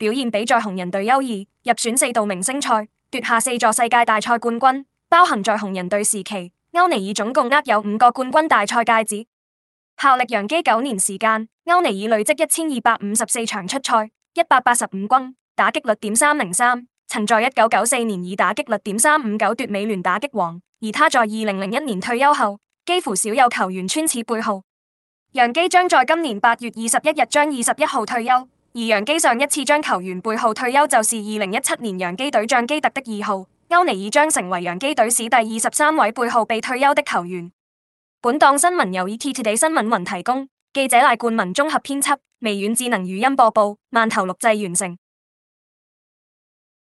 表現比在紅人隊優異，入選四度明星賽，奪下四座世界大賽冠軍。包含在紅人隊時期，歐尼爾總共握有五個冠軍大賽戒指。效力洋基九年時間，歐尼爾累積一千二百五十四場出賽，一百八十五轟，打擊率點三零三。曾在一九九四年以打擊率點三五九奪美聯打擊王。而他在二零零一年退休後，幾乎少有球員穿此背號。洋基將在今年八月二十一日將二十一號退休。而洋基上一次將球員背號退休，就是二零一七年洋基隊長基特的二號。歐尼爾將成為洋基隊史第二十三位背號被退休的球員。本檔新聞由 ETtoday 新聞雲提供，記者賴冠文綜合編輯，微軟智能語音播報，萬頭錄製完成。